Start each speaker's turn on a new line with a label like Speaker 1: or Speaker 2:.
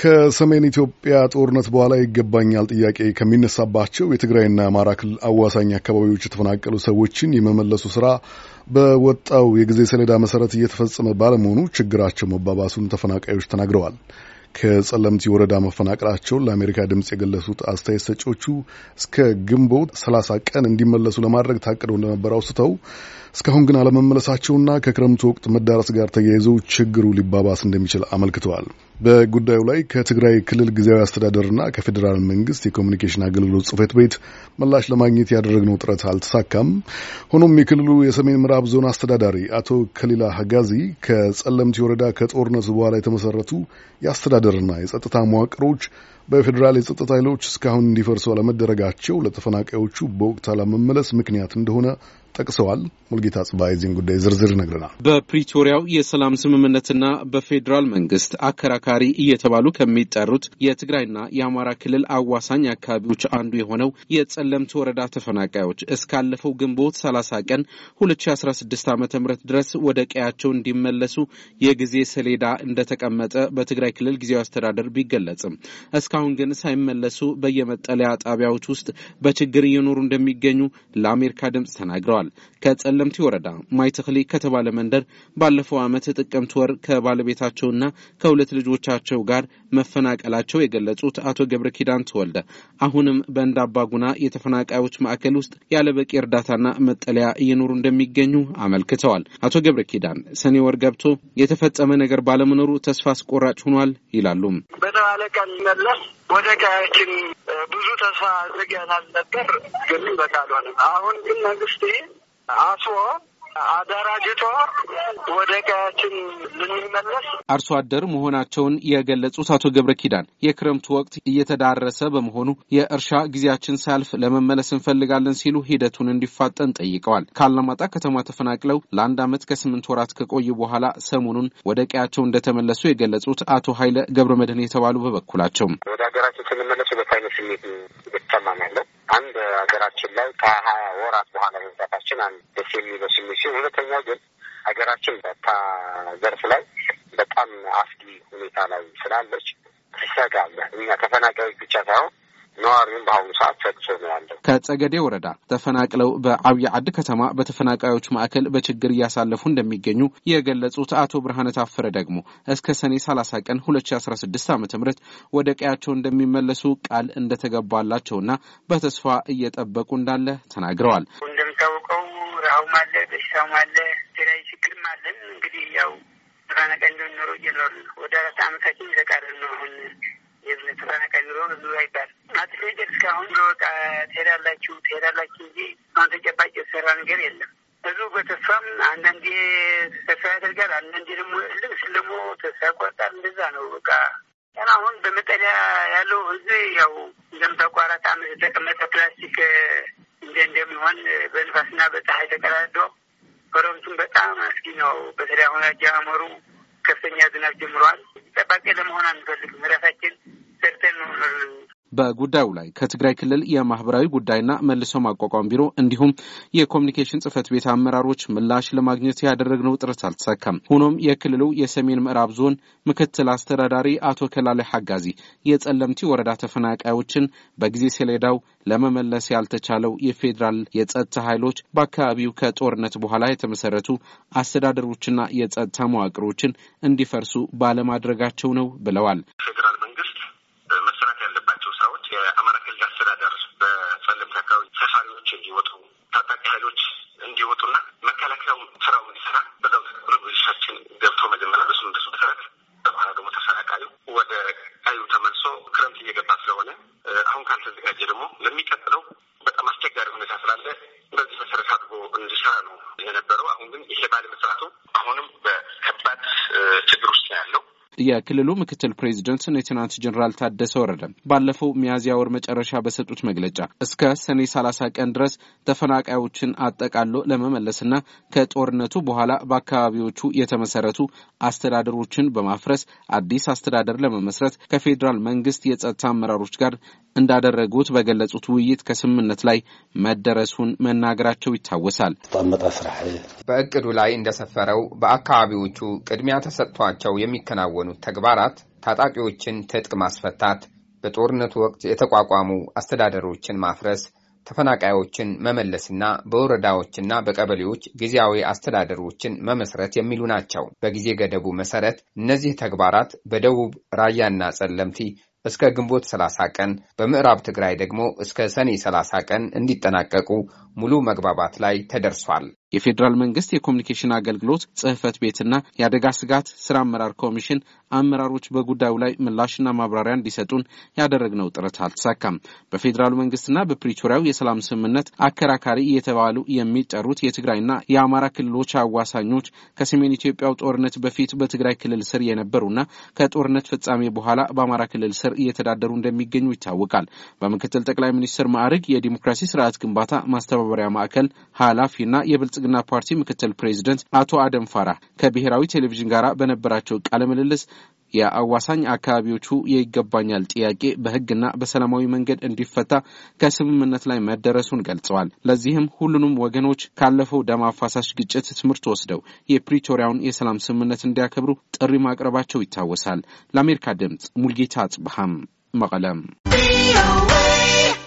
Speaker 1: ከሰሜን ኢትዮጵያ ጦርነት በኋላ ይገባኛል ጥያቄ ከሚነሳባቸው የትግራይና አማራ ክልል አዋሳኝ አካባቢዎች የተፈናቀሉ ሰዎችን የመመለሱ ስራ በወጣው የጊዜ ሰሌዳ መሰረት እየተፈጸመ ባለመሆኑ ችግራቸው መባባሱን ተፈናቃዮች ተናግረዋል። ከጸለምቲ ወረዳ መፈናቀላቸውን ለአሜሪካ ድምፅ የገለጹት አስተያየት ሰጪዎቹ እስከ ግንቦት ሰላሳ ቀን እንዲመለሱ ለማድረግ ታቅደው እንደነበረ አውስተው እስካሁን ግን አለመመለሳቸውና ከክረምቱ ወቅት መዳረስ ጋር ተያይዘው ችግሩ ሊባባስ እንደሚችል አመልክተዋል። በጉዳዩ ላይ ከትግራይ ክልል ጊዜያዊ አስተዳደርና ከፌዴራል መንግስት የኮሚኒኬሽን አገልግሎት ጽህፈት ቤት ምላሽ ለማግኘት ያደረግነው ጥረት አልተሳካም። ሆኖም የክልሉ የሰሜን ምዕራብ ዞን አስተዳዳሪ አቶ ከሊላ ሀጋዚ ከጸለምቲ ወረዳ ከጦርነቱ በኋላ የተመሰረቱ የአስተዳደርና የጸጥታ መዋቅሮች በፌዴራል የጸጥታ ኃይሎች እስካሁን እንዲፈርሱ አለመደረጋቸው ለተፈናቃዮቹ በወቅት አለመመለስ ምክንያት እንደሆነ ጠቅሰዋል። ሙልጌታ ጽባይ የዚህን ጉዳይ ዝርዝር ይነግረናል።
Speaker 2: በፕሪቶሪያው የሰላም ስምምነትና በፌዴራል መንግስት አከራካሪ እየተባሉ ከሚጠሩት የትግራይና የአማራ ክልል አዋሳኝ አካባቢዎች አንዱ የሆነው የጸለምት ወረዳ ተፈናቃዮች እስካለፈው ግንቦት 30 ቀን 2016 ዓ ም ድረስ ወደ ቀያቸው እንዲመለሱ የጊዜ ሰሌዳ እንደተቀመጠ በትግራይ ክልል ጊዜያዊ አስተዳደር ቢገለጽም እስካሁን ግን ሳይመለሱ በየመጠለያ ጣቢያዎች ውስጥ በችግር እየኖሩ እንደሚገኙ ለአሜሪካ ድምፅ ተናግረዋል። ከጸለምቲ ወረዳ ማይተክሊ ከተባለ መንደር ባለፈው ዓመት ጥቅምት ወር ከባለቤታቸውና ከሁለት ልጆቻቸው ጋር መፈናቀላቸው የገለጹት አቶ ገብረ ኪዳን ተወልደ አሁንም በእንዳባ ጉና የተፈናቃዮች ማዕከል ውስጥ ያለበቂ እርዳታና መጠለያ እየኖሩ እንደሚገኙ አመልክተዋል። አቶ ገብረ ኪዳን ሰኔ ወር ገብቶ የተፈጸመ ነገር ባለመኖሩ ተስፋ አስቆራጭ ሆኗል ይላሉ። በተባለ ቀን መለስ ወደ ቀያችን ብዙ ተስፋ አድርገናል ነበር፣ ግን በቃ አልሆነም። አሁን ግን መንግስት አስሮ አደራጅቶ ወደ ቀያችን ልንመለስ አርሶ አደር መሆናቸውን የገለጹት አቶ ገብረ ኪዳን የክረምቱ ወቅት እየተዳረሰ በመሆኑ የእርሻ ጊዜያችን ሳያልፍ ለመመለስ እንፈልጋለን ሲሉ ሂደቱን እንዲፋጠን ጠይቀዋል። ከአላማጣ ከተማ ተፈናቅለው ለአንድ ዓመት ከስምንት ወራት ከቆዩ በኋላ ሰሞኑን ወደ ቀያቸው እንደተመለሱ የገለጹት አቶ ኃይለ ገብረ መድህን የተባሉ በበኩላቸው ወደ ሀገራችን ስንመለሱ በፋይነት ስሜት ብቻ አንድ ሀገራችን ላይ ከሀያ ወራት በኋላ መምጣታችን አንድ ደስ የሚለው ስሜት ሲሆን፣ ሁለተኛው ግን ሀገራችን በታ ዘርፍ ላይ በጣም አስጊ ሁኔታ ላይ ስላለች ትሰጋለ። እኛ ተፈናቃዮች ብቻ ሳይሆን ነዋሪውን በአሁኑ ሰዓት ፈቅሶ ነው ያለው። ከጸገዴ ወረዳ ተፈናቅለው በአብይ አድ ከተማ በተፈናቃዮች ማዕከል በችግር እያሳለፉ እንደሚገኙ የገለጹት አቶ ብርሃነ ታፈረ ደግሞ እስከ ሰኔ ሰላሳ ቀን ሁለት ሺ አስራ ስድስት ዓመተ ምህረት ወደ ቀያቸው እንደሚመለሱ ቃል እንደተገባላቸውና በተስፋ እየጠበቁ እንዳለ ተናግረዋል። እንደምታውቀው ረሃውም አለ፣ በሽታውም አለ፣ ሌላዊ ችግርም አለን። እንግዲህ ያው ተፈናቃይ እንደሚኖረው እየኖር ወደ አራት አመታችን የተቃረን ነው አሁን የህዝብ ተፈናቃይ ቢሮ ህዝብ አይባል አትሌጀር እስካሁን በቃ ትሄዳላችሁ ትሄዳላችሁ እንጂ አሁን ተጨባጭ የተሰራ ነገር የለም። ህዝቡ በተስፋም አንዳንዴ ተስፋ ያደርጋል፣ አንዳንዴ ደግሞ ልብስ ደግሞ ተስፋ ያቆርጣል። እንደዛ ነው በቃ ያን አሁን በመጠለያ ያለው ህዝብ ያው እንደምታውቀው አራት አመት የተቀመጠ ፕላስቲክ እንደ እንደሚሆን በንፋስና በፀሐይ ተቀዳዶ ክረምቱን በጣም አስጊ ነው። በተለይ አሁን አጀማመሩ ከፍተኛ ዝናብ ጀምረዋል። ጠባቂ ለመሆን አንፈልግም። በጉዳዩ ላይ ከትግራይ ክልል የማህበራዊ ጉዳይና መልሶ ማቋቋም ቢሮ እንዲሁም የኮሚኒኬሽን ጽህፈት ቤት አመራሮች ምላሽ ለማግኘት ያደረግነው ጥረት አልተሳካም። ሆኖም የክልሉ የሰሜን ምዕራብ ዞን ምክትል አስተዳዳሪ አቶ ከላለ ሐጋዚ የጸለምቲ ወረዳ ተፈናቃዮችን በጊዜ ሰሌዳው ለመመለስ ያልተቻለው የፌዴራል የጸጥታ ኃይሎች በአካባቢው ከጦርነት በኋላ የተመሰረቱ አስተዳደሮችና የጸጥታ መዋቅሮችን እንዲፈርሱ ባለማድረጋቸው ነው ብለዋል። ታሳሪዎች እንዲወጡ ታጣቂ ኃይሎች እንዲወጡና መከላከያው ስራው እንዲሰራ በዛው ሪሰርችን ገብቶ መጀመሪያ በስምንት መሰረት በኋላ ደግሞ ተፈናቃዩ ወደ ቀዩ ተመልሶ ክረምት እየገባ ስለሆነ አሁን ካልተዘጋጀ ደግሞ ለሚቀጥለው በጣም አስቸጋሪ ሁኔታ ስላለ የክልሉ ምክትል ፕሬዚደንት ሌትናንት ጀኔራል ታደሰ ወረደ ባለፈው ሚያዝያ ወር መጨረሻ በሰጡት መግለጫ እስከ ሰኔ 30 ቀን ድረስ ተፈናቃዮችን አጠቃሎ ለመመለስና ከጦርነቱ በኋላ በአካባቢዎቹ የተመሰረቱ አስተዳደሮችን በማፍረስ አዲስ አስተዳደር ለመመስረት ከፌዴራል መንግስት የጸጥታ አመራሮች ጋር እንዳደረጉት በገለጹት ውይይት ከስምምነት ላይ መደረሱን መናገራቸው ይታወሳል። በእቅዱ ላይ እንደሰፈረው በአካባቢዎቹ ቅድሚያ ተሰጥቷቸው የሚከናወኑት ተግባራት ታጣቂዎችን ትጥቅ ማስፈታት፣ በጦርነቱ ወቅት የተቋቋሙ አስተዳደሮችን ማፍረስ፣ ተፈናቃዮችን መመለስና በወረዳዎችና በቀበሌዎች ጊዜያዊ አስተዳደሮችን መመስረት የሚሉ ናቸው። በጊዜ ገደቡ መሰረት እነዚህ ተግባራት በደቡብ ራያና ጸለምቲ እስከ ግንቦት 30 ቀን በምዕራብ ትግራይ ደግሞ እስከ ሰኔ 30 ቀን እንዲጠናቀቁ ሙሉ መግባባት ላይ ተደርሷል። የፌዴራል መንግስት የኮሚኒኬሽን አገልግሎት ጽህፈት ቤትና የአደጋ ስጋት ስራ አመራር ኮሚሽን አመራሮች በጉዳዩ ላይ ምላሽና ማብራሪያ እንዲሰጡን ያደረግነው ጥረት አልተሳካም። በፌዴራሉ መንግስትና በፕሪቶሪያው የሰላም ስምምነት አከራካሪ እየተባሉ የሚጠሩት የትግራይና የአማራ ክልሎች አዋሳኞች ከሰሜን ኢትዮጵያው ጦርነት በፊት በትግራይ ክልል ስር የነበሩና ከጦርነት ፍጻሜ በኋላ በአማራ ክልል ስር እየተዳደሩ እንደሚገኙ ይታወቃል። በምክትል ጠቅላይ ሚኒስትር ማዕረግ የዲሞክራሲ ስርዓት ግንባታ ማስተባ ማስተባበሪያ ማዕከል ኃላፊና የብልጽግና ፓርቲ ምክትል ፕሬዚደንት አቶ አደም ፋራ ከብሔራዊ ቴሌቪዥን ጋር በነበራቸው ቃለ ምልልስ የአዋሳኝ አካባቢዎቹ የይገባኛል ጥያቄ በሕግና በሰላማዊ መንገድ እንዲፈታ ከስምምነት ላይ መደረሱን ገልጸዋል። ለዚህም ሁሉንም ወገኖች ካለፈው ደም አፋሳሽ ግጭት ትምህርት ወስደው የፕሪቶሪያውን የሰላም ስምምነት እንዲያከብሩ ጥሪ ማቅረባቸው ይታወሳል። ለአሜሪካ ድምፅ ሙልጌታ አጽብሃም መቀለም